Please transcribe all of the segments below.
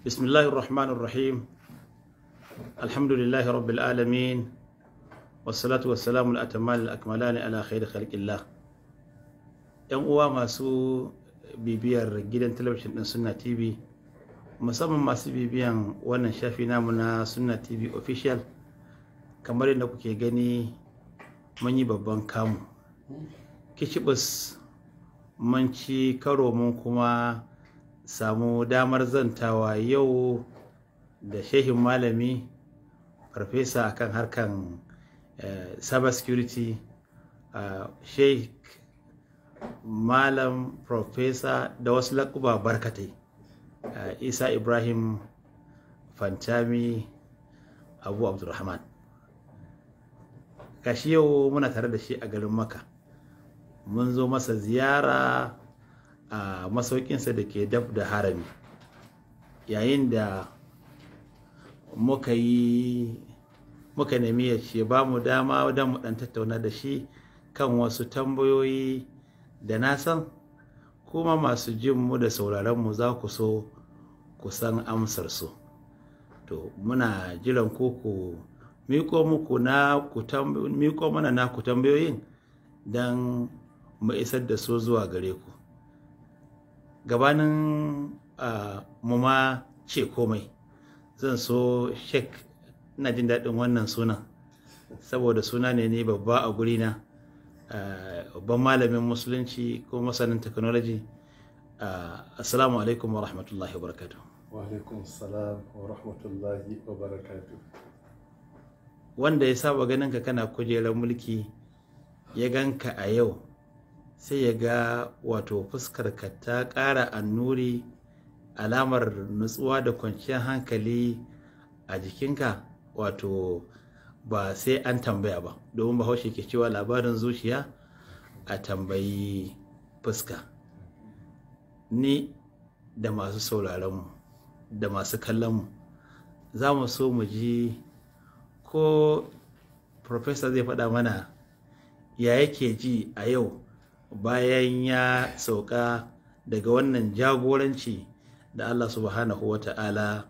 بسم الله الرحمن الرحيم الحمد لله رب العالمين والصلاة والسلام الأتمان الأكملان على خير ‘yan uwa masu bibiyar gidan talabijin ɗin sunna tv musamman masu bibiyan wannan shafi namu na sunna tv official kamar yadda kuke gani mun yi babban kamu kicibis mun ci karo mun kuma samu damar zantawa yau da shehin malami farfesa akan harkan eh, cyber security ah, sheikh malam farfesa da wasu lakuba barkatai ah, isa ibrahim fantami abu abdulrahman gashi yau muna tare da shi a garin maka mun zo masa ziyara a masaukinsa da ke daf da harami yayin da muka yi muka nemi ya ce ba mu dama don mu dan tattauna da shi kan wasu tambayoyi da na san kuma masu jin mu da sauraron mu za ku so ku san amsar su to muna jiran ku ku miko muku na ku miko mana na ku tambayoyin don mu isar da su zuwa gare ku gabanin mu ma ce komai zan so shek ina jin daɗin wannan sunan saboda suna ne ne babba a guri na babban malamin musulunci ko masanin technology assalamu alaikum wa rahmatullahi wa barakatu. wa alaikum salam wa rahmatullahi wa barakatu. wanda ya saba ganin ka kana kujerar mulki ya ganka a yau sai ya ga wato ka ta ƙara annuri alamar nutsuwa da kwanciyar hankali a jikinka wato ba sai an tambaya ba domin bahaushe ke cewa labarin zuciya a tambayi fuska ni da masu sauraronmu da masu kallonmu za mu so mu ji ko profesa zai faɗa mana ya yake ji a yau bayan ya sauka daga wannan jagoranci da Allah subhanahu wa ta'ala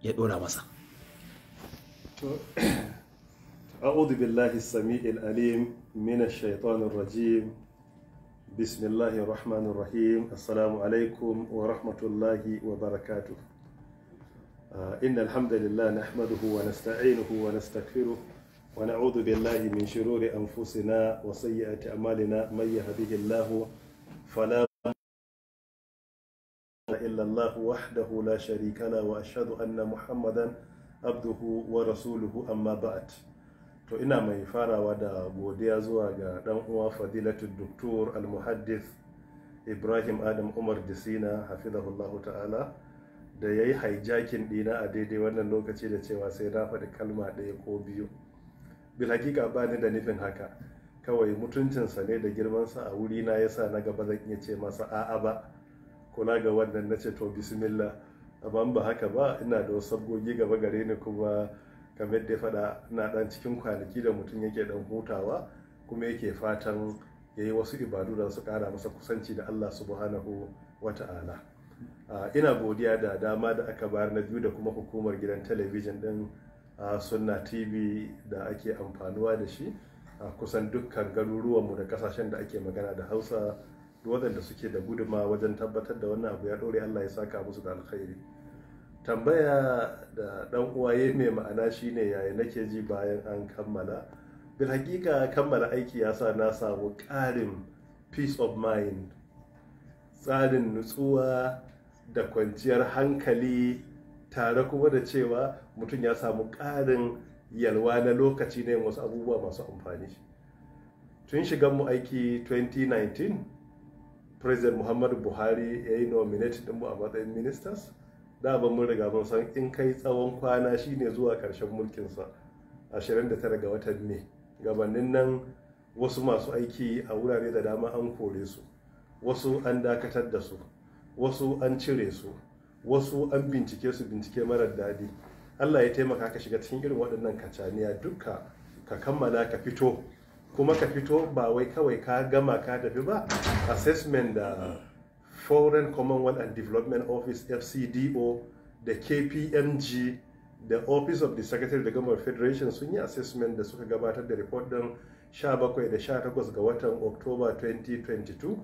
ya dora masa. أعوذ بالله السميع العليم من الشيطان الرجيم بسم الله الرحمن الرحيم السلام عليكم ورحمة الله وبركاته إن الحمد لله نحمده ونستعينه ونستغفره ونعوذ بالله من شرور أنفسنا وسيئات أعمالنا من يهده الله فلا إلا الله وحده لا شريك له وأشهد أن محمدا عبده ورسوله أما بعد to ina mai farawa da godiya zuwa ga dan uwa fadilatu doktor al ibrahim adam umar disina hafizahullahu ta'ala da yayi yi hijacking dina a daidai wannan lokaci da cewa sai na faɗi kalma ɗaya ko biyu bilhakika ba ni da nufin haka kawai mutuncinsa ne da girman sa a wuri na yasa na gaba zan iya ce masa a'a ba kula ga wannan na ce to bismillah amma ba haka ba ina da wasu gaba gare ni kuma kamar da faɗa na dan cikin kwanaki da mutum yake dan hutawa kuma yake fatan ya yi wasu ibadu da su kara masa kusanci da Allah subhanahu wa ta'ala ah, ina godiya da dama da aka bayar na biyu da kuma hukumar gidan talabijin din. a sunna tv da ake amfanuwa da shi a kusan dukkan garuruwanmu da kasashen da ake magana da hausa waɗanda suke da guduma wajen tabbatar da wannan abu ya ɗore allah ya saka musu da alkhairi tambaya da ɗan uwaye mai ma'ana shine yaya nake ji bayan an kammala bil hakika kammala aiki ya sa na samu ƙarin peace of mind tsarin nutsuwa da kwanciyar hankali tare kuma da cewa mutum ya samu ƙarin yalwa na lokaci ne wasu abubuwa masu amfani tun shigan mu aiki 2019 president muhammadu buhari ya yi nominate ɗinmu a matsayin ministers da ban mun riga mun san in kai tsawon kwana shine zuwa ƙarshen mulkinsa 29 ga watan mai gabanin nan wasu masu aiki a wurare da dama an kore su wasu an dakatar da su wasu an cire su wasu an bincike su bincike marar daɗi allah ya taimaka ka shiga cikin irin waɗannan kacaniya duka ka kammala ka fito kuma ka fito ba wai kawai ka gama ka tafi ba assessment da foreign commonwealth and development office fcdo da kpmg da office of the secretary da government federation sun yi assessment da suka gabatar da report din 17 da 18 ga watan october 2022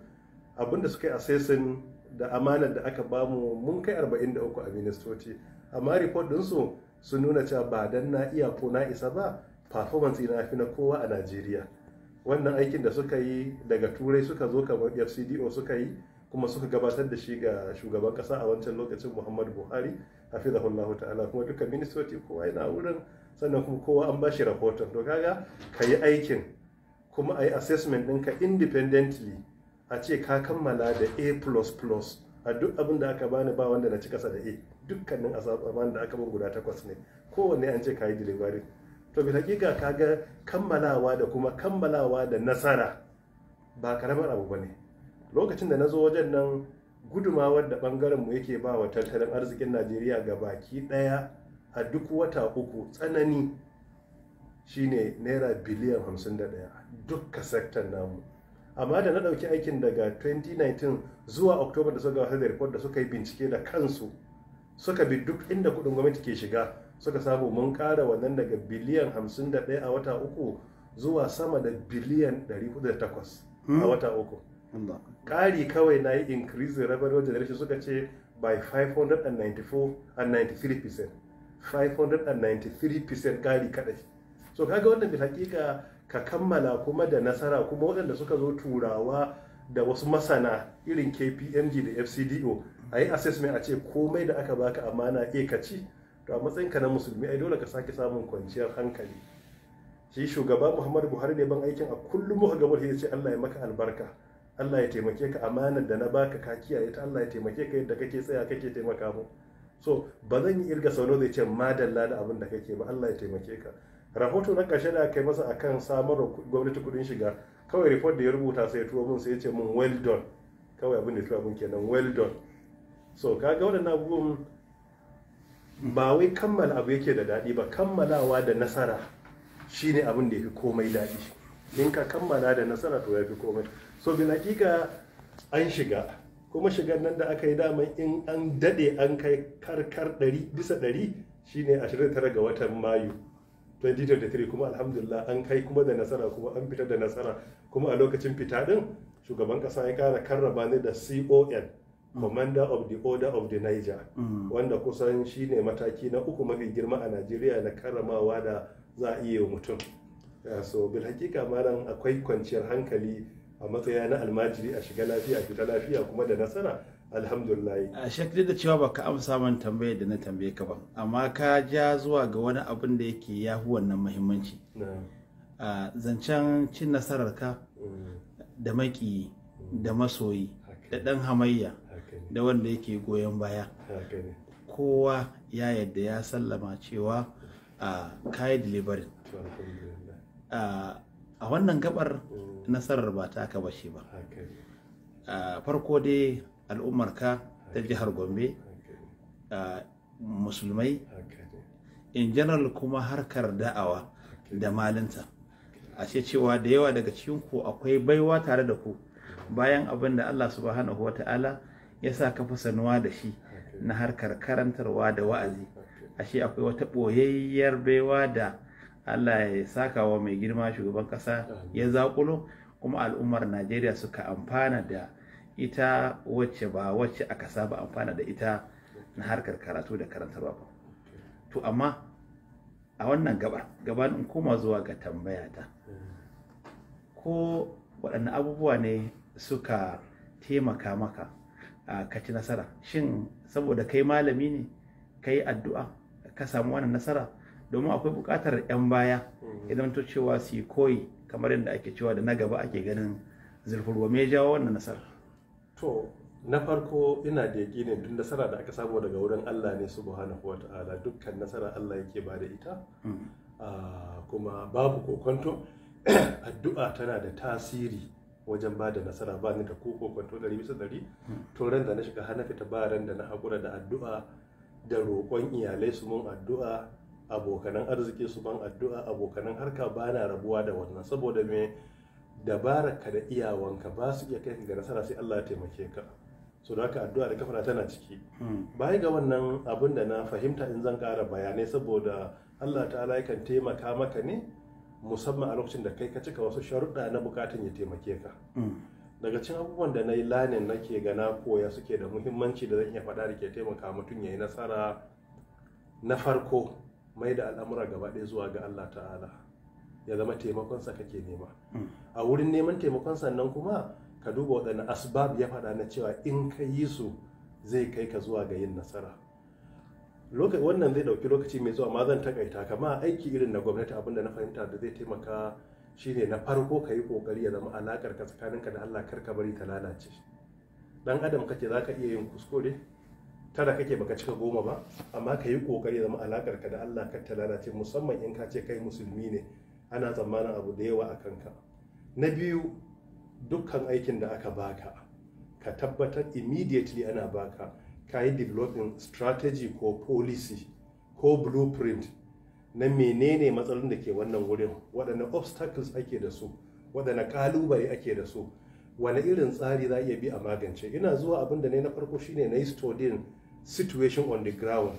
abinda suka yi assessing da amanar da aka bamu mun kai 43 a ministoci amma report su sun nuna cewa ba dan na iya ko na isa ba performance na fi na kowa a najeriya wannan aikin da suka yi daga turai suka zo kamar fcdo suka yi kuma suka gabatar da shi ga shugaban kasa a wancan lokacin muhammadu buhari hafizahullahu ta'ala kuma duka ministoci kowa yana wurin sannan kuma kowa an bashi rahoton to kaga ka yi aikin kuma a yi assessment ɗinka independently a ce ka kammala da a++ a duk abin da aka bani ba wanda na ci kasa da a dukkanin asaban da aka bin guda takwas ne kowanne an ce ka yi delivery to bi hakika ka ga kammalawa da kuma kammalawa da nasara ba karamar abu ba ne lokacin da na zo wajen nan gudumawar da ɓangarenmu yake ba wa tattalin arzikin najeriya ga baki ɗaya a duk wata uku tsanani shine naira biliyan 51 dukka sektan namu amma da na ɗauki aikin daga 2019 zuwa oktoba da suka gabatar da report da suka yi bincike da kansu suka bi duk inda kudin gwamnati ke shiga suka samu mun ƙara wannan daga biliyan 51 a wata uku zuwa sama da biliyan 408 a hmm? wata uku ƙari kawai na yi increase revenue generation suka ce by 594 and 93 593 percent ƙari kadai so kaga wannan bi hakika ka kammala kuma da nasara kuma waɗanda suka zo turawa da wasu masana irin kpmg da fcdo a yi assessment a ce komai da aka baka amana e ka ci to a matsayinka na musulmi ai dole ka sake samun kwanciyar hankali shi shugaba muhammadu buhari ne ban aikin a kullum muka gabar ya ce allah ya maka albarka allah ya taimake ka amanar da na baka ka kiyaye ta allah ya taimake ka yadda kake tsaya kake taimaka mu so ba zan yi irga sau zai ce madalla da abin da kake ba allah ya taimake ka rahoto na ƙarshe da aka yi masa akan samar da gwamnati kuɗin shiga kawai report da ya rubuta sai ya turo mun sai ya ce mun well done kawai abin da ya tura mun kenan well done so ka ga waɗannan abubuwan ba wai kammala abu yake da daɗi ba kammalawa da nasara shine abin da ya fi komai daɗi in ka kammala da nasara to ya fi komai so bin hakika an shiga kuma shigar nan da aka yi daman in an daɗe an kai karkar 100 bisa 100 shine 29 ga watan mayu 2023 kuma alhamdulillah an kai kuma da nasara kuma an fitar da nasara kuma a lokacin fita din shugaban kasa ya kara karraba ne da con mm. commander of the order of the niger mm. wanda kusan shine mataki na uku mafi girma a najeriya na karramawa da za a iya mutum so bil hakika malam akwai kwanciyar hankali a matsaya na almajiri a shiga lafiya fita lafiya kuma da nasara alhamdulillah a shakli da cewa baka amsa man tambayar da na tambaye ka ba amma ka ja zuwa ga wani abin da yake ya fi wannan muhimmanci a zancen cin nasarar ka mm. da maki mm. da masoyi da dan hamayya da wanda yake goyon baya kowa ya yadda ya sallama cewa a kayi delivery a wannan gabar mm. nasarar ba ta ka bashi ba farko dai al'ummarka ta jihar gombe musulmai in general kuma harkar da'awa da malinta a ce cewa da yawa daga cikin ku akwai baiwa tare da ku bayan abin da Allah subhanahu wata'ala ya sa ka fi sanuwa da shi na harkar karantarwa da wa'azi ashe akwai wata ɓoyayyar baiwa da Allah ya saka wa mai girma shugaban ƙasa ya zaƙulo kuma al'ummar Najeriya suka amfana da ita wacce ba wacce aka saba amfana da ita na harkar karatu da karanta ba to amma a wannan gaba gabanin in koma zuwa ga tambaya ta ko waɗanne abubuwa ne suka taimaka maka a kaci nasara shin saboda kai malami ne kai addu'a ka samu wannan nasara domin akwai buƙatar 'yan baya idan to cewa su koyi kamar yadda ake cewa da na gaba ake ganin zurfurwa me jawo wannan nasara to na farko ina da ne duk nasara da aka samu daga wurin Allah ne subhanahu wa ta'ala dukkan nasara Allah yake ba da ita mm. ah, kuma babu kokonto addu'a tana da tasiri wajen ba da nasara ba ni da ko kokonto ɗari bisa ɗari mm. to ran da na shiga har na fita ba ran da na haƙura da addu'a da roƙon iyalai su mun addu'a abokanan arziki su ban addu'a abokanan harka bana rabuwa da wannan saboda me dabararka da iyawanka ba su iya kai ga nasara sai Allah ya taimake ka so da haka addu'a da kafara tana ciki hmm. bai ga wannan abin da na fahimta in zan ƙara bayanai saboda Allah ta'ala yakan taimaka maka ne musamman a lokacin da kai ka cika wasu sharuɗa na bukatun ya taimake ka hmm. daga cikin abubuwan da na yi lanin nake ga na koya suke da muhimmanci da zan iya faɗa da ke taimaka mutum ya yi nasara na farko mai da al'amura gaba ɗaya zuwa ga Allah ta'ala ya zama taimakonsa kake nema mm. a wurin neman taimakon sannan kuma ka duba waɗanne asbab ya faɗa na cewa in ka yi su zai kai ka zuwa ga yin nasara wannan zai ɗauki lokaci mai zuwa ma zan takaita kama aiki irin na gwamnati abinda na fahimta da zai taimaka shine na farko ka yi ƙoƙari ya zama alaƙar ka tsakaninka da Allah kar ka bari ta lalace dan adam kake za ka iya yin kuskure tara kake baka cika goma ba amma ka yi ƙoƙari ya zama alaƙar ka da Allah kar ta lalace musamman in kace kai musulmi ne ana tsammanin abu da yawa a kanka na biyu dukkan aikin da aka baka ka tabbatar immediately ana baka ka yi developing strategy ko policy ko blueprint na menene matsalolin da ke wannan wurin waɗanne obstacles ake da su waɗanne ƙalubale ake da su Wani irin tsari za a iya bi a magance ina zuwa abin da na na farko shine na yi studying situation on the ground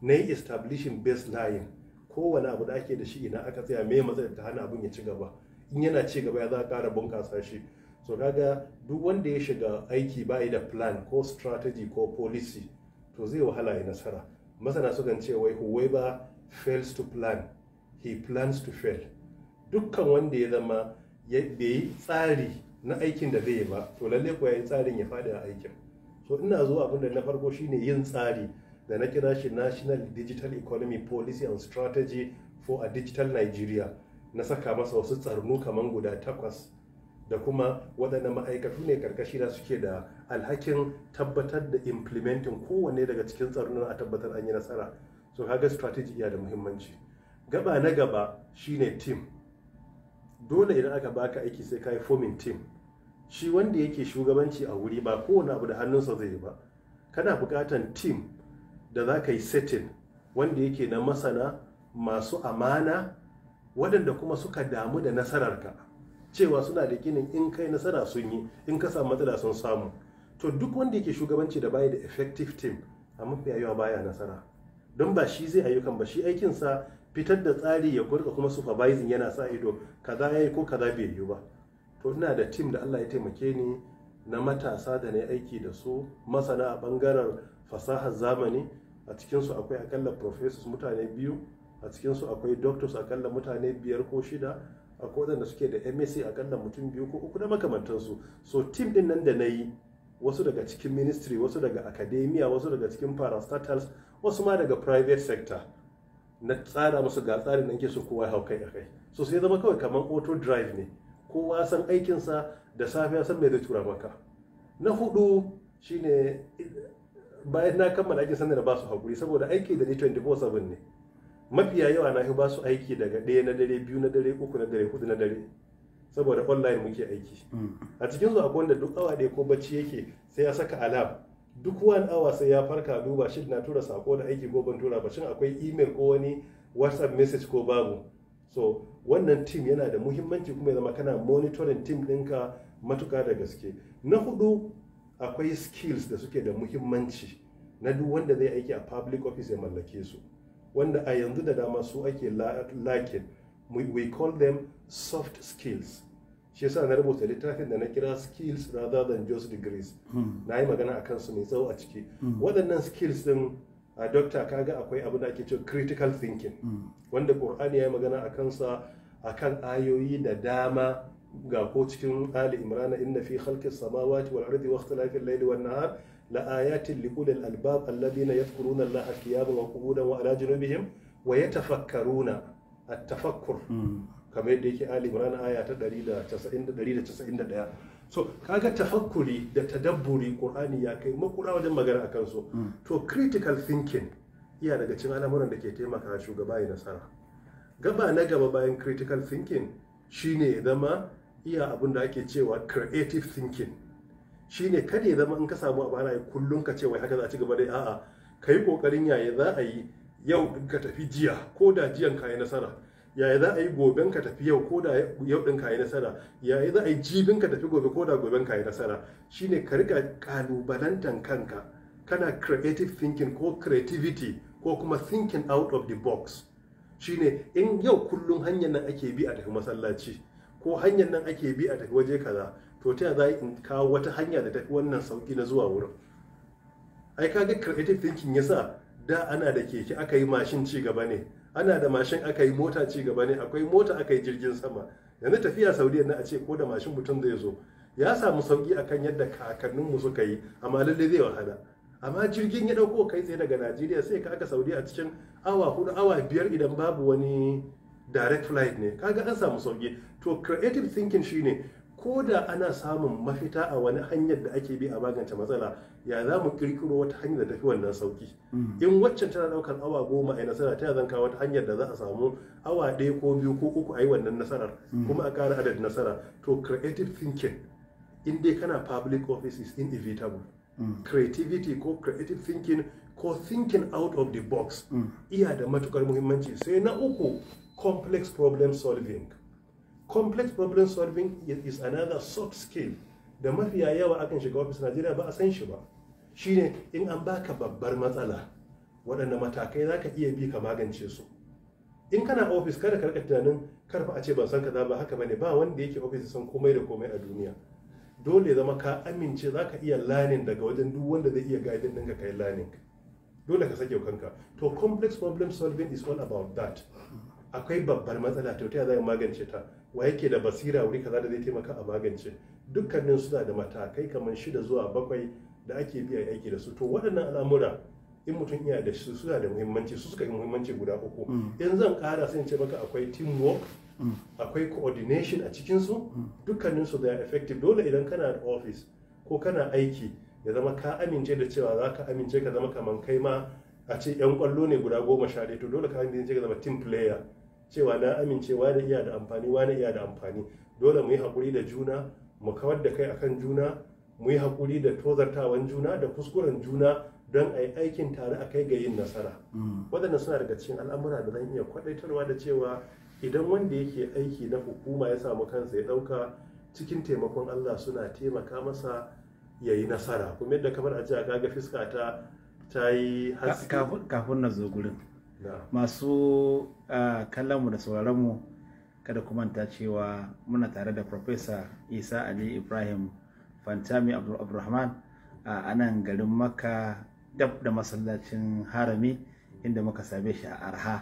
na yi establishing baseline kowane abu da ake da shi idan aka tsaya me matsalar ta hana abin ya ci gaba in yana ci gaba ya za a kara bunkasa shi so kaga duk wanda ya shiga aiki ba da plan ko strategy ko policy to zai wahala ya nasara masana sukan ce wai whoever fails to plan he plans to fail dukkan wanda ya zama bai tsari na aikin da zai yi ba to lalle ko ya yi tsarin ya faɗi a aikin so ina zuwa abin da na farko shine yin tsari da na kira shi national digital economy policy and strategy for a digital nigeria na saka masa wasu tsarnu kamar guda takwas da kuma waɗanda ma'aikatu ne karkashi da suke da alhakin tabbatar da implementing kowanne daga cikin tsarnunan a tabbatar an yi nasara so kaga strategy iya da muhimmanci gaba na gaba shine team dole idan aka baka aiki sai kai forming team shi wanda yake shugabanci a wuri ba kowane abu da hannunsa zai yi ba kana buƙatan team da za ka yi setting wanda yake na masana masu amana waɗanda kuma suka damu da nasararka cewa suna da ginin in kai nasara sun yi in ka samu matsala sun samu to duk wanda yake shugabanci da baya da effective team a mafi yawa baya nasara don ba shi zai ayyukan ba shi aikinsa fitar da tsari ya kurka kuma supervising yana sa ido kaza yayi ko kaza bai yi ba to ina da team da Allah ya taimake ni na matasa da na aiki da su masana a ɓangaren fasahar zamani a cikinsu akwai akalla professors mutane biyu a cikinsu akwai doctors akalla mutane biyar ko shida akwai waɗanda suke da msc akalla mutum biyu ko uku da makamantansu so tim din nan da na yi wasu daga cikin ministry wasu daga academia wasu daga cikin parastatals wasu ma daga private sector na tsara musu ga tsarin da ke so kowa hau kai akai so sai zama kawai kamar auto drive ne kowa san aikinsa da safe san mai zai tura maka na hudu shine bayan na kammala aikin sanda na ba su hakuri saboda aiki da ni 24/7 ne mafiya yawa na ba su aiki daga ɗaya na dare biyu na dare uku na dare hudu na dare saboda online muke aiki hmm. a cikin su akwai wanda duk awa ɗaya ko bacci yake sai ya saka alam duk wani awa sai ya farka duba shi na tura sako da aiki ko ban tura ba shin akwai email ko wani whatsapp message ko babu so wannan tim yana da muhimmanci kuma ya zama kana monitoring team ɗinka matuka da gaske na hudu akwai skills da suke da muhimmanci na duk wanda zai aiki a public office ya mallake su wanda a yanzu da dama su ake lakin we call them soft skills shi yasa na rubuta littafin da na kira skills rather than just degrees hmm. na yi magana akan su mai tsawo a ciki hmm. waɗannan skills din a dokta kaga akwai abu da ake cewa critical thinking hmm. wanda ƙur'ani ya yi magana a kansa akan ayoyi da dama ga ko cikin ali imrana inna fi khalqis samawati wal ardi wa ikhtilafil layli wan nahar la ayatin li ulil albab alladhina yadhkuruna allaha qiyaman wa qu'udan wa ala junubihim wa yatafakkaruna at-tafakkur hmm. kamar yadda yake ali imrana aya ta 191 so kaga tafakkuri da tadabburi qur'ani ya kai makura wajen magana akan su hmm. to critical thinking iya daga cikin al'amuran da ke taimaka shugaba ya nasara gaba na gaba bayan critical thinking shine ya zama iya abin da ake cewa creative thinking shine kada ya zama in ka samu abana ya kullum ka ce wai haka za a ci gaba dai a'a ka yi kokarin yaya za a yi yau din ka tafi jiya ko da jiyan ka yi nasara yaya za a yi goben ka tafi yau ko da yau din ka yi nasara yaya za a yi jibin ka tafi gobe ko da goben ka yi nasara shine ka rika kalubalantan kanka kana creative thinking ko creativity ko kuma thinking out of the box shine in yau kullum hanyar nan ake bi a tafi masallaci ko hanyar nan ake bi a tafi waje kaza to ta za in kawo wata hanya da tafi wannan sauki na zuwa wurin ai ka kaga creative thinking yasa da ana da keke aka yi mashin ci gaba ne ana da mashin aka yi mota ci gaba ne akwai mota aka yi jirgin sama yanzu tafiya saudiya na a ce ko da mashin mutum zai zo ya samu sauki akan yadda kakannin mu suka yi amma lallai zai wahala amma jirgin ya dauko kai tsaye daga najeriya sai ka aka saudiya a cikin awa hudu awa biyar idan babu wani direct flight ne kaga an samu sauki to creative thinking shine ko da ana samun mafita a wani hanyar da ake bi a magance matsala ya za mu kirkiro wata hanyar da tafi wannan sauki mm. in waccan tana daukar awa goma a nasara ta zan kawo wata hanyar da za a samu awa ɗaya ko biyu ko uku a yi wannan nasarar mm. kuma a ƙara adadin nasara to creative thinking in dai kana public office is inevitable mm. creativity ko creative thinking ko thinking out of the box iya da matukar muhimmanci sai na uku complex problem solving complex problem solving is another soft skill da mafiya yawa akan shiga ofis najeriya ba a san shi ba shine in an baka babbar matsala waɗanne matakai zaka iya bi ka magance su in kana ofis kada ka rika tunanin karfa a ce ban san kaza ba haka bane ba wanda yake ofis san komai da komai a duniya dole zama ka amince zaka ka iya learning daga wajen duk wanda zai iya guiding ka kai learning. dole ka sake kanka to complex problem solving is all about that akwai babbar matsala ta ta za a magance ta wa yake da basira wuri kaza da zai taimaka a magance dukkanin suna da matakai kamar shida zuwa bakwai da ake biya aiki da su to waɗannan al'amura in mutum iya da su suna da muhimmanci su suka yi muhimmanci guda uku mm. in zan kara sai in ce maka akwai teamwork mm. akwai coordination a cikinsu mm. dukkanin su da effective dole idan kana da office ko kana aiki ya zama ka amince da cewa za ka amince ka zama kamar kai ma a ce 'yan kwallo ne guda goma sha to dole ka amince ka zama team player cewa na amincewa da iya da amfani wani iya da amfani dole mu yi haƙuri da juna mu kawar da kai akan juna mu yi haƙuri da tozartawan juna da kuskuren juna don a yi aikin tare a kai ga yin nasara mm. waɗannan suna daga cikin al'amura da zan iya kwaɗaitarwa da cewa idan wanda yake aiki na hukuma ya samu kansa ya ɗauka cikin taimakon allah suna taimaka masa ya yi nasara kuma yadda kamar a ji a gaga fiska ta ta yi haske kafin na zo gurin masu kallonmu da sauraronmu kada ku manta cewa muna tare da Profesa Isa Ali Ibrahim Fantami Abdulrahman a nan garin maka dab da masallacin harami inda muka same shi a arha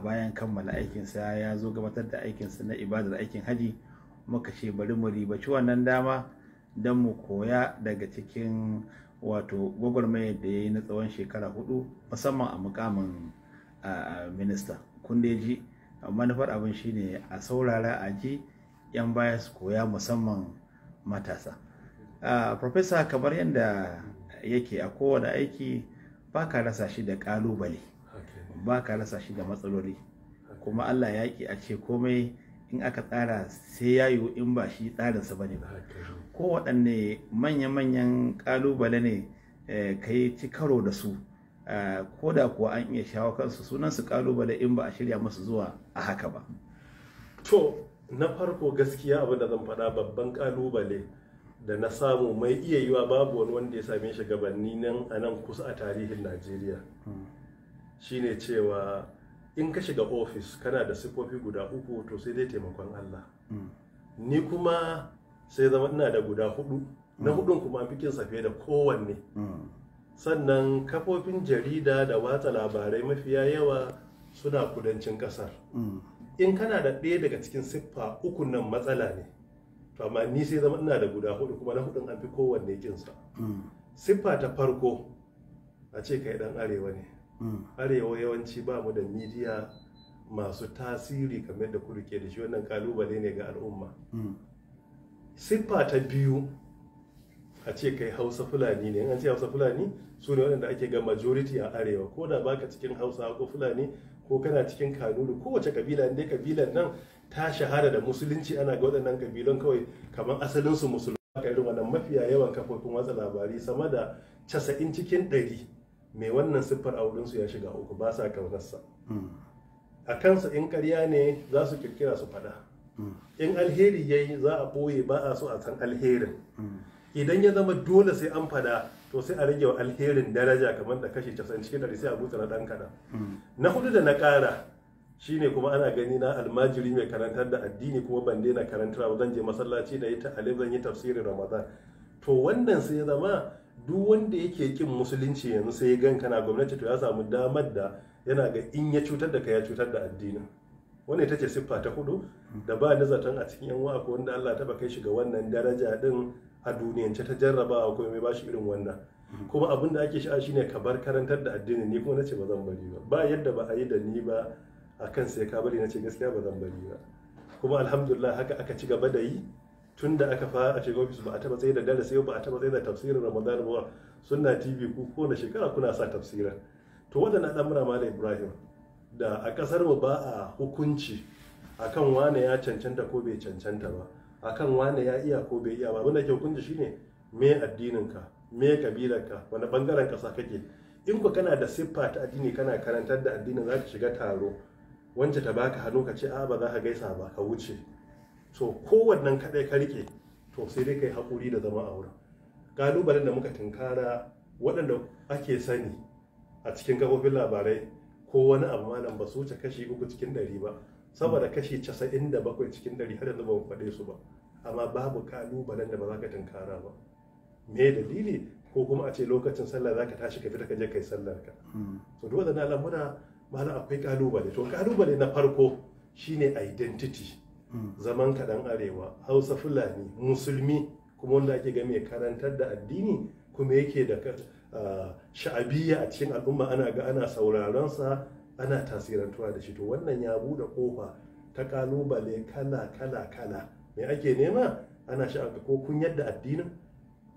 bayan kammala aikinsa ya zo gabatar da aikinsa na ibadar aikin haji muka ce bari mu ribaci wannan dama don mu koya daga cikin wato gwagwarmayar da ya yi na tsawon shekara hudu musamman a mukamin A minista kun da ji manufar abin ne a saurara a ji 'yan baya su koya musamman matasa profesa kamar yadda yake a kowane aiki ba ka rasa shi da kalubale ba ka rasa shi da matsaloli kuma allah ya ki a ce komai in aka tsara sai ya yiwu in ba shi tsarinsa ba ne ko waɗanne manya-manyan ƙalubale ne eh, ka yi ci karo da su Eh, ko da kuwa an iya shawo kansu sunan su kalubale in ba a shirya masu zuwa a haka ba to na farko gaskiya abin da zan faɗa babban kalubale da na samu mai iya yiwa babu wani wanda ya same shi gabanni nan a nan kusa a tarihin najeriya hmm. shine cewa in ka shiga ofis kana da siffofi guda uku to sai dai taimakon allah hmm. ni kuma sai zama ina da guda hudu na hmm. hudun kuma an safe da kowanne sannan kafofin jarida da watsa labarai mafiya yawa suna kudancin kasar mm. in kana da ɗaya daga cikin siffa uku nan matsala ne to amma ni sai zama ina da guda hudu kuma na hudun an fi kowanne jinsa mm. siffa ta farko a ce kai dan arewa ne mm. arewa yawanci ba mu da midiya masu tasiri kamar da kudu ke da shi wannan kalubale ne ga al'umma siffa ta biyu a ce kai hausa fulani ne an ce hausa fulani su ne waɗanda ake ga majority a arewa ko da baka cikin hausa ko fulani ko kana cikin kanuri kowace kabila inda kabilan nan ta shahara da musulunci ana ga waɗannan kabilan kawai kamar asalinsu musulmi aka irin wannan mafiya yawan kafofin watsa labari sama da casa'in cikin ɗari mai wannan siffar a wurinsu ya shiga uku ba sa kaunarsa a kansa in karya ne za su kirkira su faɗa mm. in alheri yayi za a boye ba a so a san alherin mm. idan ya zama dole sai an fada to sai a rage wa alherin daraja kamar da kashi casan cikin ɗari sai a gutsa dan ɗan kaɗan na hudu da na ƙara shine kuma ana gani na almajiri mai karantar da addini kuma ban daina karantar zan je masallaci da yi ta alif zan yi tafsirin ramadan to wannan sai ya zama duk wanda yake kin musulunci yanzu sai ya gan kana gwamnati to ya samu damar da yana ga in ya cutar da ka ya cutar da addinin wannan ita ce siffa ta hudu da ba ni zaton a cikin yan wa wanda Allah ta kai shi wannan daraja din a duniyance ta jarrabawa kuma mai bashi irin wannan kuma abin da ake sha'a shine ka bar karantar da addini ni kuma nace ba zan bari ba ba yadda ba a yi da ni ba a kan sai ka bari nace gaskiya ba zan bari ba kuma alhamdulillah haka aka ci gaba da yi tun da aka fara a shiga ofis ba a taba tsaye da darasi ba a taba tsaye da tafsirin ramadan ba sunna tv ku na shekara kuna sa tafsirin to wadannan al'amura mala ibrahim da a kasar mu ba a hukunci akan wane ya cancanta ko bai cancanta ba akan wane ya iya ko bai iya ba abinda ke hukunci shine me addininka me kabilarka wani bangaren kasa kake in ku kana da siffa ta addini kana karantar da addinin za ka shiga taro wance ta baka hannu ka ce a ba za ka gaisa ba ka wuce to kowannen kaɗai ka rike to sai dai kai hakuri da zama a wurin kalubalen da muka tunkara waɗanda ake sani a cikin kafofin labarai ko wani abu malam ba su wuce kashi uku cikin ɗari ba saboda kashi 97 cikin 100 har yanzu ba mu faɗe su ba amma babu kalubalen da ba za ka tunkara ba me dalili ko kuma a ce lokacin sallah za ka tashi ka fita ka je kai sallar ka hmm. so duk wadannan al'amura malam akwai kalubale to kalubale na farko shine identity hmm. zaman ka dan arewa hausa fulani musulmi kuma wanda ake ga mai karantar da addini kuma yake da ah, sha'abiyya a cikin al'umma ana ga ana sauraron sa ana tasirantuwa da shi to wannan ya buɗe kofa ta kalubale kala kala kala me ake nema ana sha'awa ko kun yadda addinin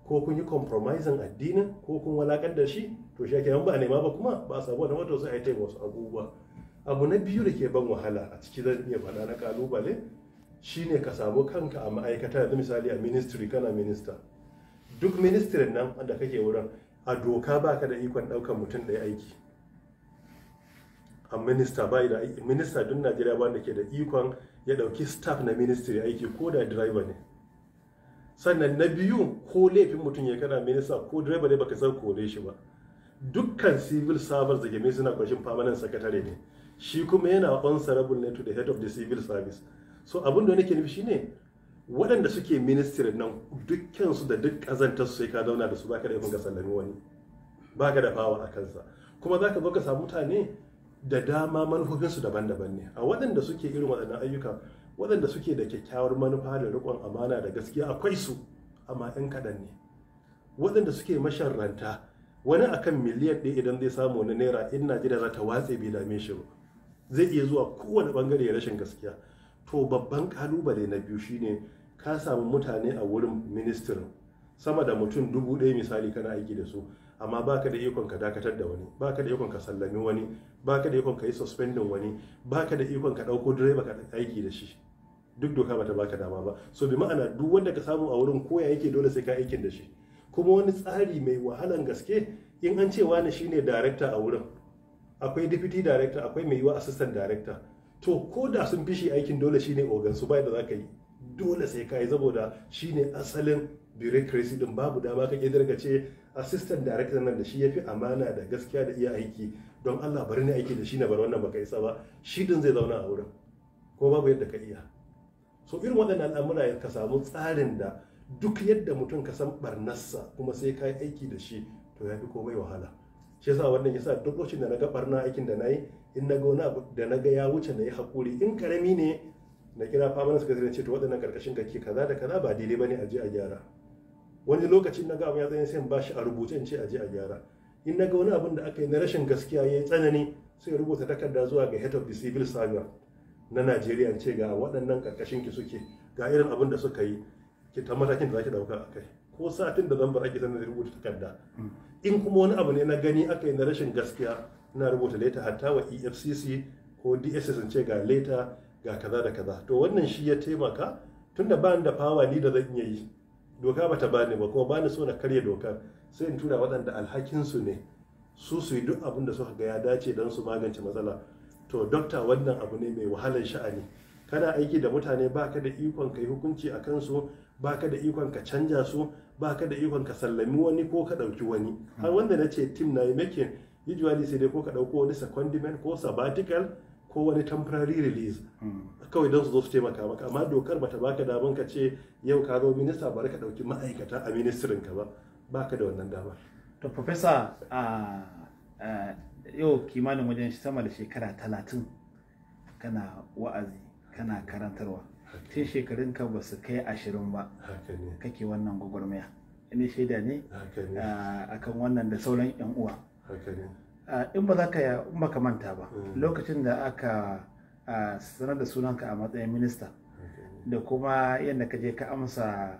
ko kun yi compromising addinin ko kun walakar da shi to shi ake ba a nema ba kuma ba a sabuwa na wato sai a wasu abubuwa abu na biyu da ke ban wahala a ciki zan iya faɗa na ƙalubale shine ka samu kanka a ma'aikata yanzu misali a ministry kana minista duk ministirin nan da kake wurin a doka baka da ikon ɗaukar mutum ɗaya aiki a minista ba da minista duk najeriya ba da ke da ikon ya dauki staff na ministry aiki ko da driver ne sannan na biyu ko laifin mutum ya kana minista ko driver ne baka san kore shi ba dukkan civil servants da ke suna kwashin permanent sakatare ne shi kuma yana on answerable ne to the head of the civil service so abin da ke nufi ne? waɗanda suke ministry nan su da duk ƙazantar su sai ka zauna da su baka da yawan ga sallami wani baka da fawa a kansa kuma zaka zo ka samu mutane da dama manufofinsu daban-daban ne a waɗanda suke irin waɗannan ayyuka waɗanda suke da kyakkyawar manufa da riƙon amana da gaskiya akwai su amma 'yan kaɗan ne waɗanda suke masharranta wani akan miliyan ɗaya idan zai samu wani naira in najeriya za ta watse bai dame shi ba zai iya zuwa kowane ɓangare rashin gaskiya to babban kalubale na biyu shine ka samu mutane a wurin ministirin sama da mutum dubu ɗaya misali kana aiki da su amma baka da ikon ka dakatar da wani baka da ikon ka sallami wani Baka da ikon ka yi suspending wani baka da ikon ka ɗauko direba ka aiki da shi duk doka bata baka dama ba so bi ma'ana duk wanda ka samu a wurin koya yake dole sai ka aikin da shi kuma wani tsari mai wahalan gaske in an ce wani shine director a wurin akwai deputy director akwai mai yiwa assistant director to ko da sun fi shi aikin dole shine ogan su bai da zaka yi dole sai ka yi saboda shine asalin bureaucracy din babu dama kake dirga ce assistant director nan da shi ya fi amana da gaskiya da iya aiki don Allah bari ne aiki da shi na bar wannan baka isa ba shi din zai zauna a wurin ko babu yadda ka iya so irin waɗannan al'amura ka samu tsarin da duk yadda mutum ka san barnarsa kuma sai ka yi aiki da shi to ya fi komai wahala shi yasa wannan yasa duk lokacin da na ga barna aikin da na in na ga wani abu da na ga ya wuce na yi hakuri in karami ne na kira famanin suka zai ce to waɗannan karkashin ke kaza da kaza ba daidai ba ne a je a gyara wani lokacin na ga abu ya zai sai bashi a rubuce ce a je a gyara in na ga wani abin da aka yi na rashin gaskiya ya yi tsanani sai rubuta takarda zuwa ga head of the civil Service na Najeriya ce ga waɗannan karkashin ki suke ga irin abin da suka yi ki ta matakin da zaki dauka a kai ko satin da zambar ake sanar da rubuta takarda mm. in kuma wani abu ne na gani aka yi na rashin gaskiya na rubuta leta hatta wa EFCC ko DSS ce ga leta ga kaza da kaza to wannan shi ya taimaka tunda ba da fawa ni da zan iya yi doka bata bani ba kuma bani so na karya dokar sai in tura waɗanda alhakinsu ne su su yi duk abin da suka ga ya dace don su magance matsala to dokta wannan abu ne mai wahalar sha'ani kana aiki da mutane baka da ikon ka yi hukunci a kansu baka da ikon ka canja su baka da ikon ka sallami wani ko ka ɗauki wani har wanda na ce tim na yi makin usually sai dai ko ka ɗauko wani secondment ko sabbatical ko wani temporary release hmm. kawai don su zo su taimaka maka amma dokar bata baka daman ka ce yau ka zo minista bari ka dauki ma'aikata a ministirin ka ba baka da wannan damar. to professor yau kimanin wajen sama da shekara talatin kana wa'azi kana karantarwa tun shekarun ka ba su kai ashirin ba kake wannan gwagwarmaya ne shaida ne akan wannan da sauran 'yan uwa Ah, in ba za ka in manta ba hmm. lokacin da aka ah, sanar da sunanka a matsayin minista hmm. da kuma yadda ka je ka amsa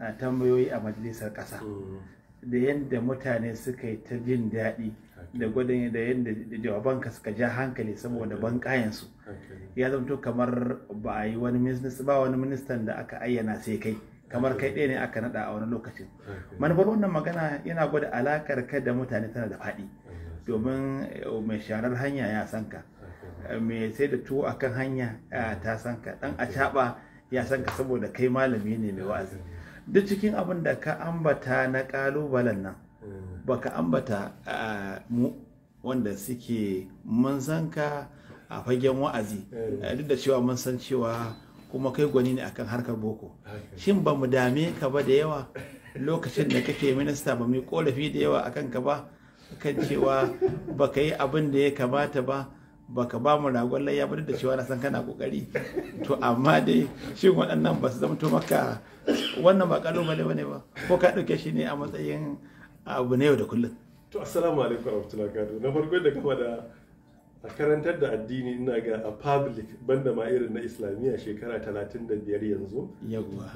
ah, tambayoyi a majalisar ƙasa hmm. da yadda mutane suka yi ta jin daɗi da gwadon da yadda jawabanka suka ja hankali saboda ban kayansu ya zamto kamar ba a yi wani ba wani ministan da aka ayyana sai kai kamar kai ɗaya ne aka naɗa a wani lokacin manufar wannan magana yana gwada alakar ka da mutane tana da faɗi domin eh, mai sharar hanya ya san ka eh, mai sai da tuwo a kan hanya eh, mm. ta san ka dan a caɓa ya san ka saboda kai malami ne mai wa'azi duk cikin abin da ka ambata na ƙalubalen nan mm. baka ambata mu wanda suke mun san ka a fagen wa'azi mm. duk da cewa mun san cewa kuma kai gwani ne akan harkar boko shin ba mu dame ka ba da yawa lokacin da kake minista ba mu yi korafi da yawa akan ka ba kan cewa baka yi abin da ya kamata ba baka ba mu ragon layya ba da cewa na san kana kokari to amma dai shin waɗannan ba su zamto maka wannan ba kalubale bane ba ko ka ɗauke shi ne a matsayin abu na yau da kullum to assalamu alaikum warahmatullahi wabarakatuh na farko da kuma da a karantar da addini ina ga a public banda ma irin na islamiyya shekara 35 yanzu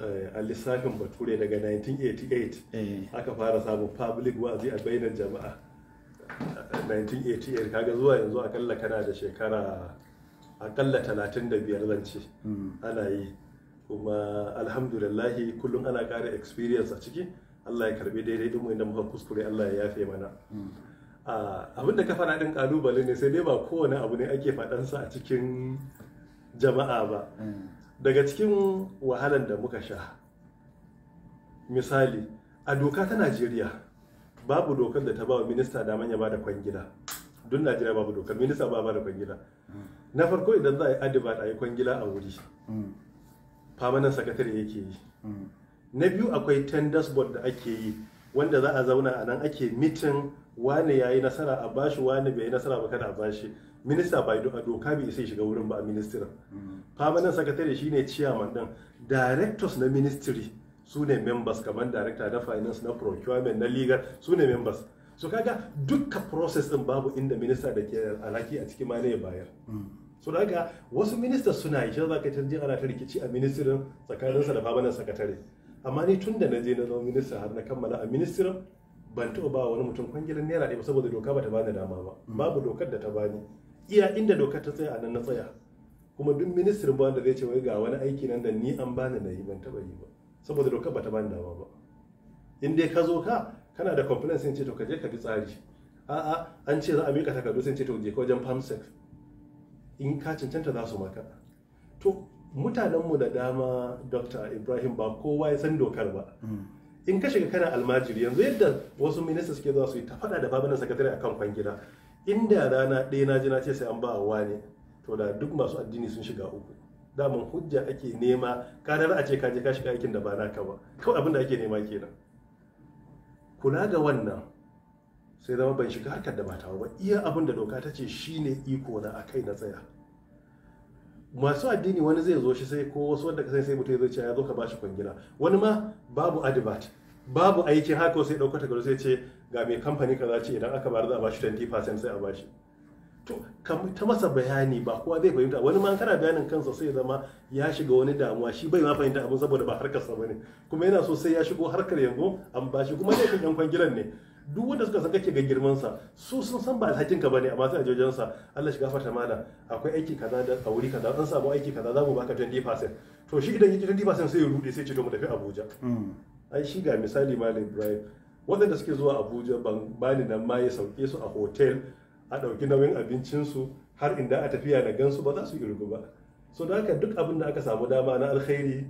eh, a lissafin bature daga 1988 eh. aka fara samun public wa'azi a bainar jama'a 1988 kaga zuwa yanzu akalla kana da shekara akalla 35 zance hmm. ana yi kuma alhamdulillahi kullum ana ƙara experience a ciki Allah ya karbi daidai din wanda muka kuskure Allah ya yafe mana hmm. abin da ka faɗa din kalubale ne sai dai ba kowane abu ne ake sa a cikin jama'a ba hmm. daga cikin wahalan da muka sha misali a doka ta Najeriya babu dokar da ta ba wa minista daman ya bada kwangila don najeriya babu dokar minista ba bada kwangila na farko idan za a yi adibat a yi kwangila a wuri famanan mm. sakatare yake yi mm. na biyu akwai tenders board da ake yi wanda za a zauna a nan ake mitin wane ya yi nasara a bashi wane bai yi nasara ba kada a bashi minista ba a doka bai sai shiga wurin ba a ministirin famanan mm. sakatare shine ciyaman din directors na ministry su ne members kamar director na finance na procurement na legal su ne members so kaga dukka process din babu inda minista da ke alaki a cikin mana ya bayar so daga wasu minista suna yi shi zaka canjin ana ta rikici a tsakanin tsakaninsa da babanan sakatare amma ni tun da na je na zama minista har na kammala a ministirin ban taɓa ba wani mutum kwangilan naira ba saboda doka bata bani dama ba babu dokar da ta bani iya inda doka ta tsaya a nan na tsaya kuma duk ministerin ba wanda zai ce wai ga wani aiki nan da ni an bani na yi ban taɓa yi ba saboda dokar bata bani dama ba in dai ka zo ka kana da complaint sai ce to ka je ka bi tsari a'a an ce za a mika takardu sai ce to je ka wajen sex in ka cancanta za su maka to mutanenmu da dama dr ibrahim ba kowa ya san dokar ba mm. in ka shiga kana almajiri yanzu yadda wasu minista suke zuwa su yi ta faɗa da babanan sakatare a kan kwangila inda rana ɗaya na ji na ce sai an ba a wane. to da duk masu addini sun shiga uku daman hujja ake nema karar a ce ka je ka shiga aikin da ba naka ba kawai abin da ake nema kenan kula ga wannan sai zama ban shiga harkar da mata ba iya abin da doka ta ce shi ne iko na a kai na tsaya masu addini wani zai zo shi sai ko wasu wanda kasan sai mutum ya ce ya zo ka bashi kwangila wani ma babu adibat babu aikin haka sai ɗauka ta sai ce ga mai kamfani za ce idan aka bari za a bashi 20% sai a bashi to ta masa bayani ba kowa zai fahimta wani ma kana bayanin kansa sai zama ya shiga wani damuwa shi bai ma fahimta abin saboda ba harkar sa bane kuma yana so sai ya shigo harkar yanzu an shi kuma zai kan yan kwangilan ne duk wanda suka san kake ga girman sa su sun san ba alhakin ka bane amma sai a jojen sa Allah shi gafarta mana akwai aiki kaza da a kaza an samu aiki kaza za mu baka 20% to shi idan yake 20% sai ya rude sai ce to mu tafi Abuja hmm. ai shi ga misali Malam Ibrahim waɗanda suke zuwa Abuja ban bani nan ma ya sauke su a hotel a ɗauki nauyin abincinsu har inda a tafiya na gansu ba za su irgu ba so da haka duk abin da aka samu dama na alkhairi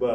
ba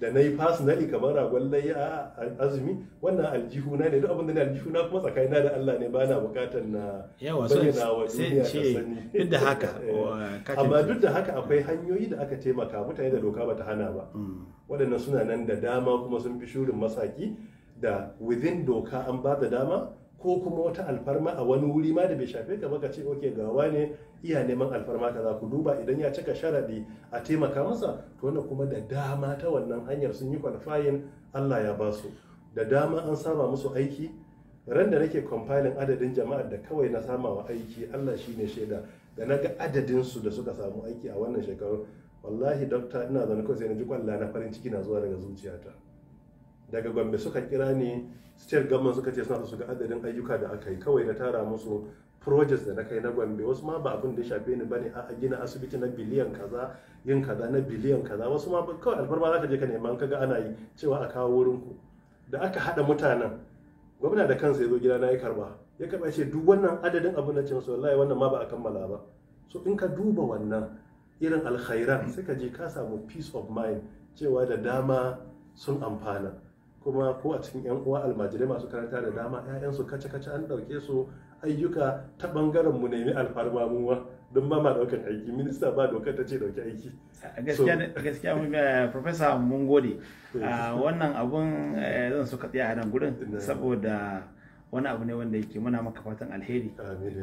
da na yi personally kamar ragon layi a azumi wannan aljihu na ne duk abin da na aljihu na kuma na da Allah ne ba na bukatar na bayyana wa duniya sani duk da haka eh, amma duk da haka akwai hanyoyi da aka taimaka mutane da doka bata hana ba mm. waɗannan suna nan da dama kuma sun fi shurin masaki da within doka an ba da dama ko kuma wata alfarma a wani wuri ma da bai shafe ka baka ce oke gawa ne iya neman alfarma ka za ku duba idan ya cika sharaɗi a taimaka masa to wannan kuma da dama ta wannan hanyar sun yi kwalfayin Allah ya ba su da dama an sama musu aiki ran da nake compiling adadin jama'a da kawai na sama wa aiki Allah shine shaida da na ga adadin su da suka samu aiki a wannan shekaru wallahi dokta ina zaune kawai sai na ji kwalla na farin ciki na zuwa daga zuciyata daga gwambe suka kira ni state government suka ce suna su ga adadin ayyuka da aka yi kawai na tara musu projects da na kai na gwambe. wasu ma ba abin da ya shafe ni ba ne, a gina asibiti na biliyan kaza yin kaza na biliyan kaza wasu ma kawai alfarma za ka je ka neman kaga ana yi cewa a kawo wurin ku da aka hada mutanen gwamna da kansa ya zo gida na ya karba ya karba ce duk wannan adadin abin da ce masa wallahi wannan ma ba a kammala ba so in ka duba wannan irin alkhairan sai ka je ka samu peace of mind cewa da dama sun amfana kuma ko a cikin 'yan uwa almajirai masu karanta da dama 'ya'yansu kace-kace an ɗauke su ayyuka ta ɓangaren mu nemi alfarma muwa don ba ma ɗaukar aiki minista ba dokar ta ce ɗauki aiki gaskiya eh, professor mun gode eh. ah, wannan abun eh, zan so ka tsaya a nan gurin saboda wani abu ne wanda yake muna maka fatan alheri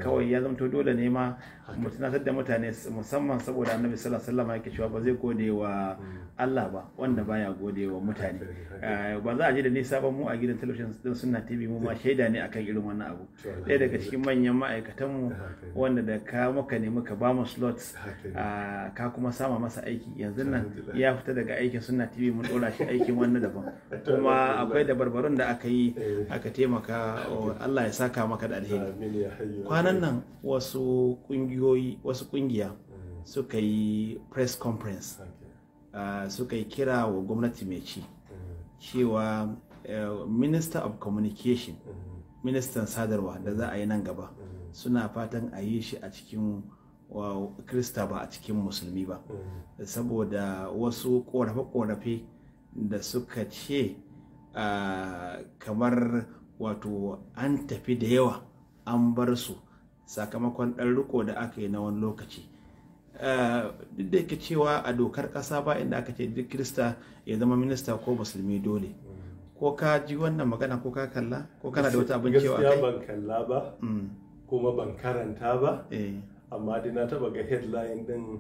kawai ya to dole ne ma mu tunatar da mutane musamman saboda annabi sallallahu alaihi wasallam yake cewa ba zai gode wa hmm. Allah ba wanda baya gode wa mutane eh, ba za a je da nisa ba mu a gidan talabijin din sunna TV mu ma shaida ne akan irin wannan abu ɗaya daga cikin manyan ma'aikatan mu wanda da ka muka ne muka ba mu slots ah, ka kuma sama masa aiki yanzu nan ya fita daga aikin sunna TV mun dora shi aikin wannan daban kuma akwai da barbarun da aka yi eh. aka taimaka Allah ya saka maka da alheri kwanan nan wasu kungiyoyi wasu kungiya mm. suka yi press conference ah, suka yi kira wa gwamnati mai ci mm. cewa minista eh, minister of communication mm. ministan sadarwa da za a yi nan gaba suna fatan a yi shi a cikin krista ba a cikin musulmi ba saboda wasu korafe-korafe da suka ce ah, kamar wato an tafi da yawa an bar su sakamakon ɗan riko da aka yi na wani lokaci eh, duk da yake cewa a dokar ƙasa ba inda aka ce duk kirista ya zama minista ko musulmi dole ko ka ji wannan magana ko ka kalla ko kana da wata abin cewa gaskiya ban kalla ba mm. kuma ban karanta ba eh. amma dai na taba ga headline din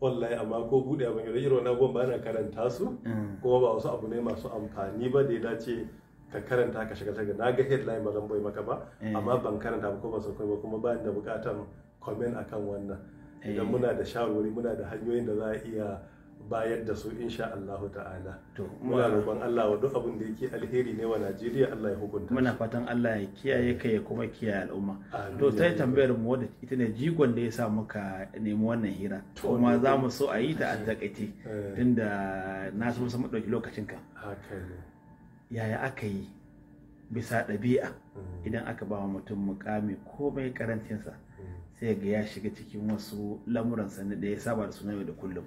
wallahi amma ko bude abin irin wannan abubuwan ba na karanta su mm. kuma ba wasu abu ne masu amfani ba da ya dace ka karanta ka shiga ta na ga headline ba zan bai maka ba eh. amma ban karanta ba ko ba san ba kuma ba da bukatan comment akan wannan eh. idan muna da shawarwari muna da hanyoyin da za a iya bayar da su insha Allah ta'ala to muna roƙon Allah wa duk abin da yake alheri ne wa Najeriya Allah ya hukunta muna fatan Allah ya kiyaye ka ya kuma kiyaye al'umma to sai tambayar mu wanda ita ne jigon da ya sa muka nemi wannan hira kuma za mu so a yi ta a eh. takaice tunda na so mu dauki lokacin ka haka ne yaya aka yi bisa ɗabi'a mm. idan aka ba wa mutum mukami komai karantinsa mm. sai ga ya shiga cikin wasu lamuransa da ya saba da suna da kullum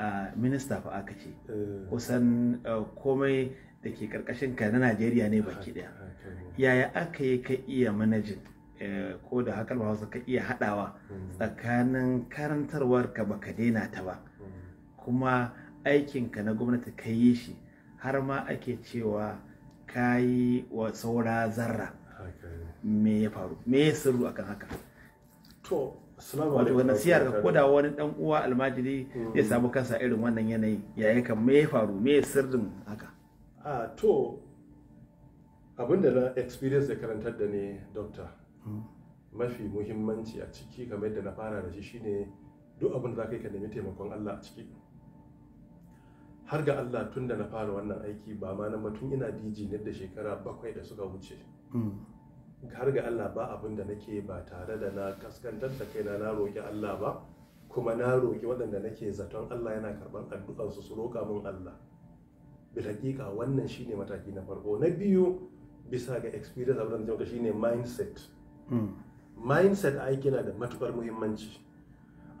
a minista fa aka ce eh. kusan eh, komai da ke karkashin ka na najeriya ne baki daya yaya aka yi ka iya manajin eh, ko da hakar hausa ka iya haɗawa mm. tsakanin karantarwar ka baka daina ta ba kuma aikinka na gwamnati ka yi shi har ma ake cewa ka yi wa saura zarra me ya faru me ya sirru akan haka to assalamu alaikum wannan nasiyar ka da wani dan uwa almajiri ya mm. samu kansa irin wannan yanayi yaya kan me ya faru me ya sirrin haka a to abin da na experience da karantar da ne doctor mm. mafi muhimmanci a ciki kamar yadda na fara da shi shine duk abin da za ka yi ka nemi taimakon Allah a ciki har ga Allah tun da na fara wannan aiki ba ma na mutum ina DJ ne da shekara bakwai da suka wuce hmm. har ga Allah ba abin da nake ba tare da na kaskantar da kaina na roƙi Allah ba kuma na roƙi waɗanda nake zaton Allah yana karɓar addu'ansu su roƙa min Allah Bi haƙiƙa wannan shine mataki na farko na biyu bisa ga experience abin da shine mindset hmm. mindset aiki na da matuƙar muhimmanci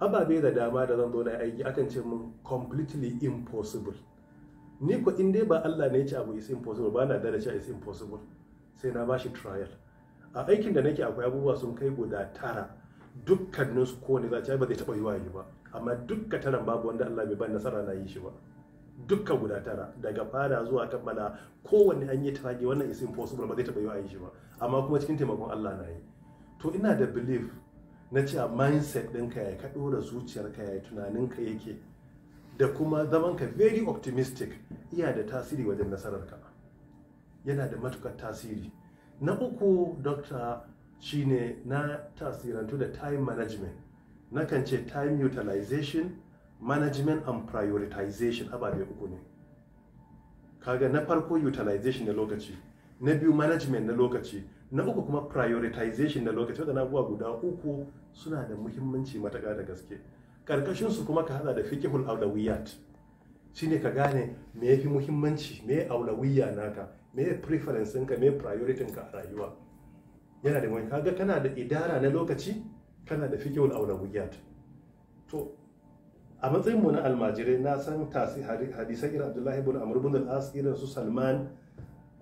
ababe da dama da zan zo na aiki akan ce mun completely impossible ni ko in dai ba Allah ne ya ce abu is impossible ba na da is impossible sai na bashi trial a aikin da nake akwai abubuwa sun kai guda tara dukkanin su ne za a ba zai taɓa yiwa yi ba amma dukkan taran babu wanda Allah bai ban nasara na yi shi ba dukkan guda tara daga fara zuwa kammala kowanne an yi tarage wannan is impossible ba zai taɓa yiwa yi shi ba amma kuma cikin taimakon Allah na yi to ina da belief na ce a mindset ɗinka ya ka ɗora zuciyarka ya tunaninka yake da kuma zaman ka very optimistic iya da tasiri wajen nasarar ka. yana da matukar tasiri na uku dokta shine na tasirantu da time management nakan ce time utilization management and prioritization ababe uku ne kaga na farko utilization na lokaci na biyu management na lokaci na uku kuma prioritization da lokaci wadannan abubuwa guda uku suna da muhimmanci matuƙa da gaske karkashin su kuma ka hada da fiqhul aulawiyat shine ka gane me yafi muhimmanci me aulawiyya naka me preference ɗinka me priority ka a rayuwa yana da wani kaga kana da idara na lokaci kana da fiqhul aulawiyat to a matsayin mu na almajirai na san tasi hadisan irin abdullahi ibn amr ibn al-as irin su salman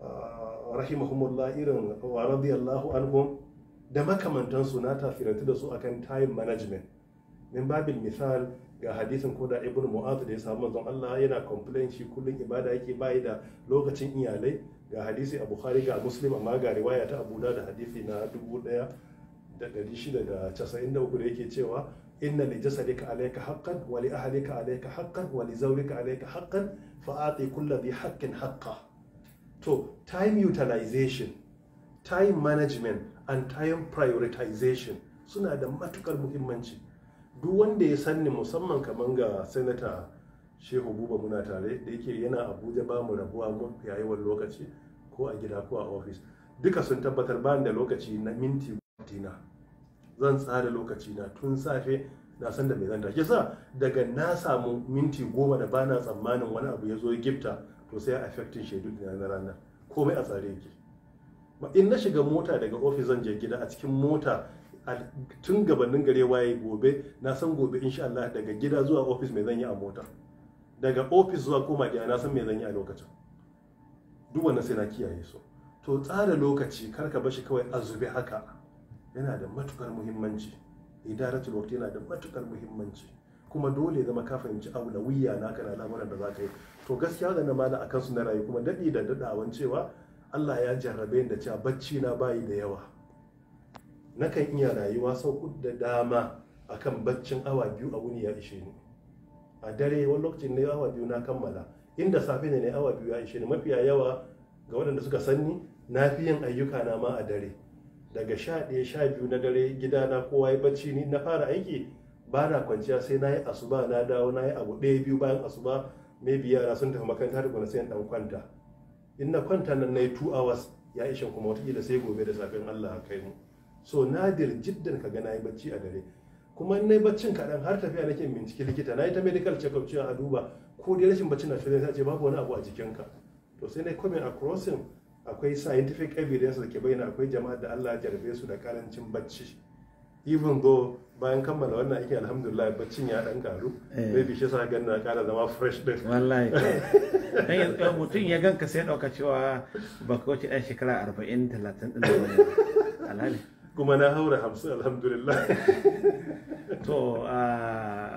ah, rahimahumullah irin wa radiyallahu anhum da makamantansu na tasirantu da su akan time management min babin misal ga hadisin koda ibnu mu'adh da ya samu manzon Allah yana complain shi kullun ibada yake bayi da lokacin iyalai ga hadisi a bukhari ga muslim amma ga riwaya ta abu da hadisi na 1693 da yake cewa inna li jasadika alayka haqqan wa li ahlika alayka haqqan wa li zawrika alayka haqqan fa ati kulli haqqin haqqahu to time utilization time management and time prioritization suna da matukar muhimmanci duk wanda ya sanni musamman kamar ga senator shehu buba muna tare da yake yana abuja ba mu rabuwa mun yawan lokaci ko a gida ko a ofis duka sun tabbatar bani da lokaci na minti na zan tsara lokaci na tun safe na san da mai zan tashi sa daga na samu minti goma da bana tsammanin wani abu ya zo gifta to sai a affecting shaidu na rana komai a tsare yake in na shiga mota daga ofis zan je gida a cikin mota tun gabanin gare waye gobe na san gobe insha Allah daga gida zuwa ofis mai zan yi a mota daga ofis zuwa koma gida na san mai zan yi a lokacin duk wannan sai na kiyaye su to tsara lokaci kar ka bashi kawai a zube haka yana da matukar muhimmanci idaratul waqti yana da matukar muhimmanci kuma dole zama ka fahimci aulawiyya naka na lamuran da za ka yi to gaskiya ga na mana akan su na rayu kuma daɗi da daɗawan cewa Allah ya jarrabe da cewa bacci na bayi da yawa nakan iya rayuwa sau da dama akan baccin awa biyu a wuni ya ishe ni a dare wani lokacin ne awa biyu na kammala inda safe ne ne awa biyu ya ishe ni mafiya yawa ga waɗanda suka sanni na fi yin ayyuka na ma a dare daga sha ɗaya sha biyu na dare gida na kowa ya bacci ni na fara aiki ba na kwanciya sai na yi asuba na dawo na yi abu ɗaya biyu bayan asuba maybe yara sun tafi makaranta tukuna sai dan kwanta in na kwanta nan na yi 2 hours ya ishe kuma watakila sai gobe da safin Allah kai mu so nadir jiddan ka ga yi bacci a dare kuma in yi baccin kaɗan har tafiya nake bincike likita na yi ta medical check up cewa a duba ko dai rashin baccin na shirya sai ce babu wani abu a jikinka to sai na yi a across akwai scientific evidence da ke bayyana akwai jama'a da Allah ya jarbe su da karancin bacci even though bayan kammala wannan aikin alhamdulillah baccin ya dan karu eh. maybe shi sa gan na kara zama fresh din wallahi dan mutum ya ganka sai dauka cewa ba baka wuce dan shekara 40 30 din alhamdulillah kuma na haura 50 alhamdulillah to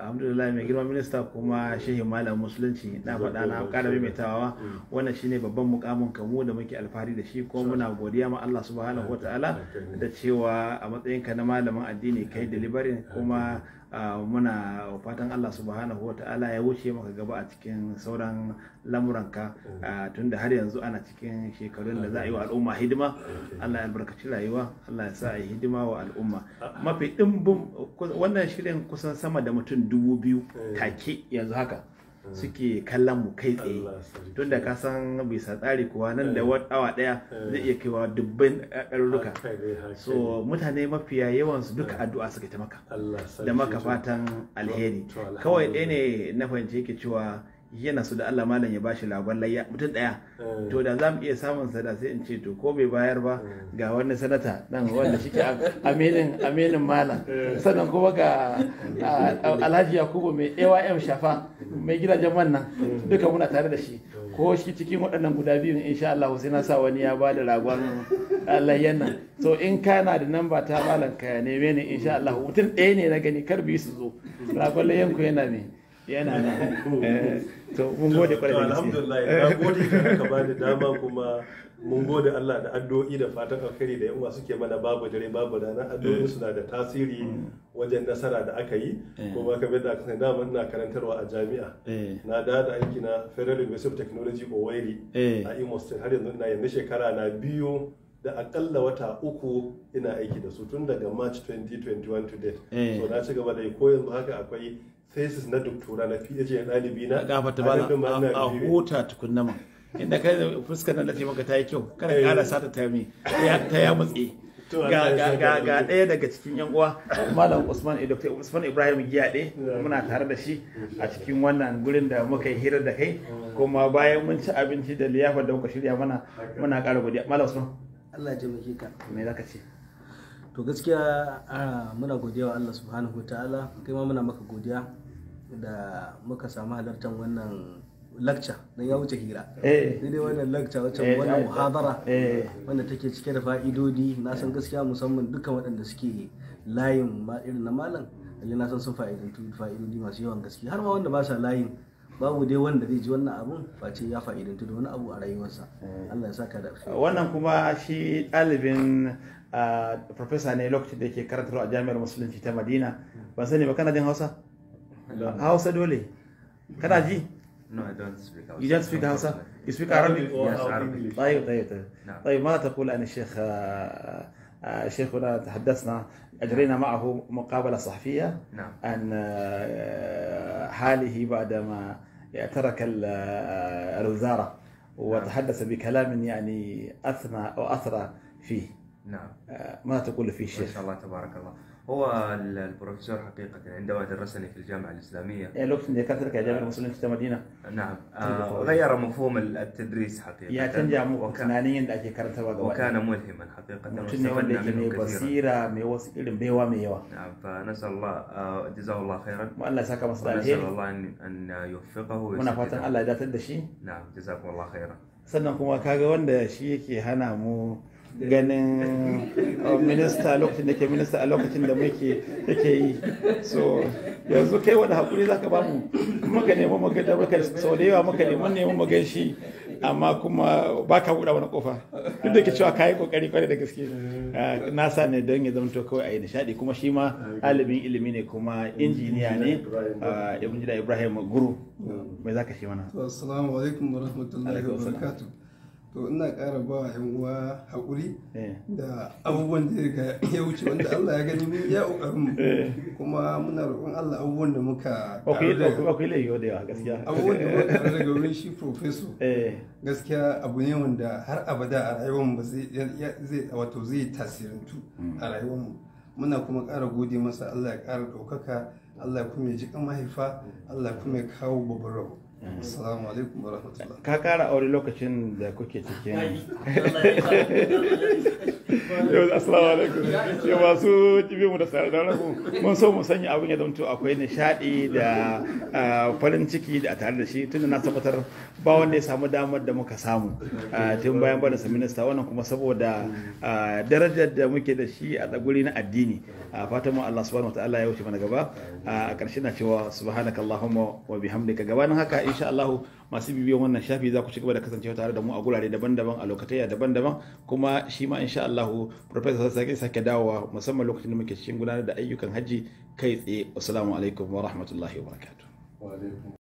alhamdulillah mai girma minista kuma shehin malam musulunci na faɗa na ƙara maimaitawa mm. wannan shine babban mukamin kamu da muke alfahari da shi kuma muna godiya ma Allah subhanahu wataala da cewa a matsayinka na malamin addini kai delivery kuma Ah, muna fatan Allah subhanahu wata'ala ya wuce maka gaba a cikin sauran lamuranka ah, tunda har yanzu ana cikin shekarun da za a yi wa al'umma hidima Allah ya albarkaci rayuwa Allah ya sa a yi hidima wa al'umma ah. mafi ɗimbin wannan shirin kusan sama da mutum dubu biyu eh. take yanzu haka Mm. suke kallon mu kai tsaye tun da ka bisa tsari kuwa nan da eh. awa daya eh. zai iya kaiwa dubban ɗaruruka so mutane mafiya yawan su duka eh. addu'a suka ta maka da maka fatan alheri kawai ɗaya ne na fahimci yake cewa yana su da Allah malam ya bashi lagon layya mutum daya eh. to da za iya samun sa da sai in ce to ko bai bayar ba eh. ga wani sanata dan wanda shi aminin aminin malam eh. sannan kuma ga Alhaji Yakubu mai AYM Shafa mai gidajen man nan duka muna tare da shi ko shi cikin waɗannan guda biyu insha Allah sai na sa wani ya ba da ragon layyan nan so in kana da namba ta malam ka neme ni insha Allah mutum ɗaya ne na gani kar biyu su zo ragon layyan ku yana ne yana eh, to mun gode kwarai da alhamdulillah na eh. gode da bani dama kuma mun gode Allah da addu'o'i da fatan alkhairi da yawa suke mana babu dare babu rana addu'o'in suna da tasiri eh. wajen nasara da aka yi kuma ka bi da aka dama ina karantarwa a jami'a na da da aiki na Federal University of Technology Owerri a Imo State har yanzu ina yanzu shekara na biyu da akalla wata uku ina aiki da su tun daga March 2021 to date so na ci gaba da yi ko yanzu haka akwai thesis na doktora na PhD na ɗalibi na gafata ba a huta tukun nama inda kai da fuskar nan da maka ta yi kyau kada eh. ƙara sata ta mi ta ya matse ga ɗaya daga cikin yan uwa malam usman eh, dr usman ibrahim ɗe muna tare da shi a cikin wannan gurin da muka yi hirar da kai kuma bayan mun ci abinci da liyafar da muka shirya mana muna ƙara godiya malam usman allah ya taimake ka me zaka ce to gaskiya ah, muna godiya wa allah subhanahu wa ta'ala kai ma muna maka godiya da muka samu halartar wannan lakca na ya wuce hira eh. ne dai wannan lakca wacce eh, wannan muhabara eh. wanda take cike da fa'idodi na san gaskiya musamman dukkan waɗanda suke layin ma irin na malam yanzu na san sun fa'idodi masu yawan gaske har ma wanda ba sa layin babu dai wanda zai ji wannan abun face ya fa'idantu da wani abu a rayuwarsa Allah ya saka da wannan kuma shi ɗalibin ah, profesa ne lokacin da yake karantarwa a jami'ar musulunci ta madina ban sani ba kana jin hausa Hausa dole. Kana ji? No, I don't speak Hausa. You don't speak Hausa? You speak Arabic? Yes, Arabic. طيب طيب طيب. طيب ماذا تقول عن الشيخ آه، آه، شيخنا تحدثنا أجرينا معه مقابلة صحفية نعم. عن آه، حاله بعدما ترك الوزارة وتحدث بكلام يعني أثنى أو أثرى فيه نعم ما تقول فيه الشيخ؟ ما شاء الله تبارك الله هو البروفيسور حقيقة يعني عندما درسني في الجامعة الإسلامية يعني إيه، لو كنت ذكرت الجامعة المسلمية في المدينة نعم آه، طيب، غير طيب. مفهوم التدريس حقيقة يا تنجا وكان, ملهما حقيقة وكان ملهما حقيقة إلم منه كثيرا نعم فنسأل الله آه، جزاه الله خيرا والله ساكا مصدر نسأل الله أن, أن يوفقه ويسدده الله إذا تدشي نعم جزاكم الله خيرا سنكم kuma kaga شيكي هنا مو ganin uh, minista lokacin da ke minista a lokacin da muke take yi so yanzu kai wani hakuri ka ba mu muka nemi muka da muka sau da yawa muka nemi nemi mu shi amma kuma ba ka buɗa wani kofa duk da ke cewa ka yi kokari kwarai da gaske uh, na sa ne don ya zama to kawai a yi nishaɗi kuma shi ma ɗalibin ilimi ne kuma injiniya ne uh, ibn jida ibrahim guru mai ka shi mana assalamu alaikum wa rahmatullahi wa barakatuh to ina ƙara ba yan uwa haƙuri eh. da abubuwan da ya wuce wanda Allah ya gani ne ya ƙoƙarin eh. kuma muna roƙon Allah abubuwan da muka akwai da yawa abubuwan da muka ƙaru daga wurin shi profeso eh. gaskiya abu ne wanda har abada a rayuwar mu zai wato zai tasirantu hmm. a rayuwar mu muna kuma ƙara gode masa Allah ya ƙara ɗaukaka Allah kuma ya ji mahaifa Allah kuma ya kawo babban rabo Assalamu alaikum wa rahmatullah. Ka kara aure lokacin da kuke cikin. yau da ku yau masu jibi mu da ku mun so mu sanya abin ya zamto akwai nishadi da farin ciki da tare da shi tunda na tabbatar ba wanda ya samu damar da muka samu tun bayan ba da minista wannan kuma saboda darajar da muke da shi a tsaguri na addini fatan mu Allah subhanahu wataala ya wuce mana gaba a ƙarshe na cewa allahumma wa bihamdika gabanin haka insha Allah masu bibiyon wannan shafi za ku ci gaba da kasancewa tare da mu a gurare daban-daban a lokacin daban-daban kuma shi ma insha Allah Allahu Professor Sake sake dawowa musamman lokacin da muke cikin gudanar da ayyukan hajji kai tsaye. Assalamu alaikum wa rahmatullahi wa barakatuh.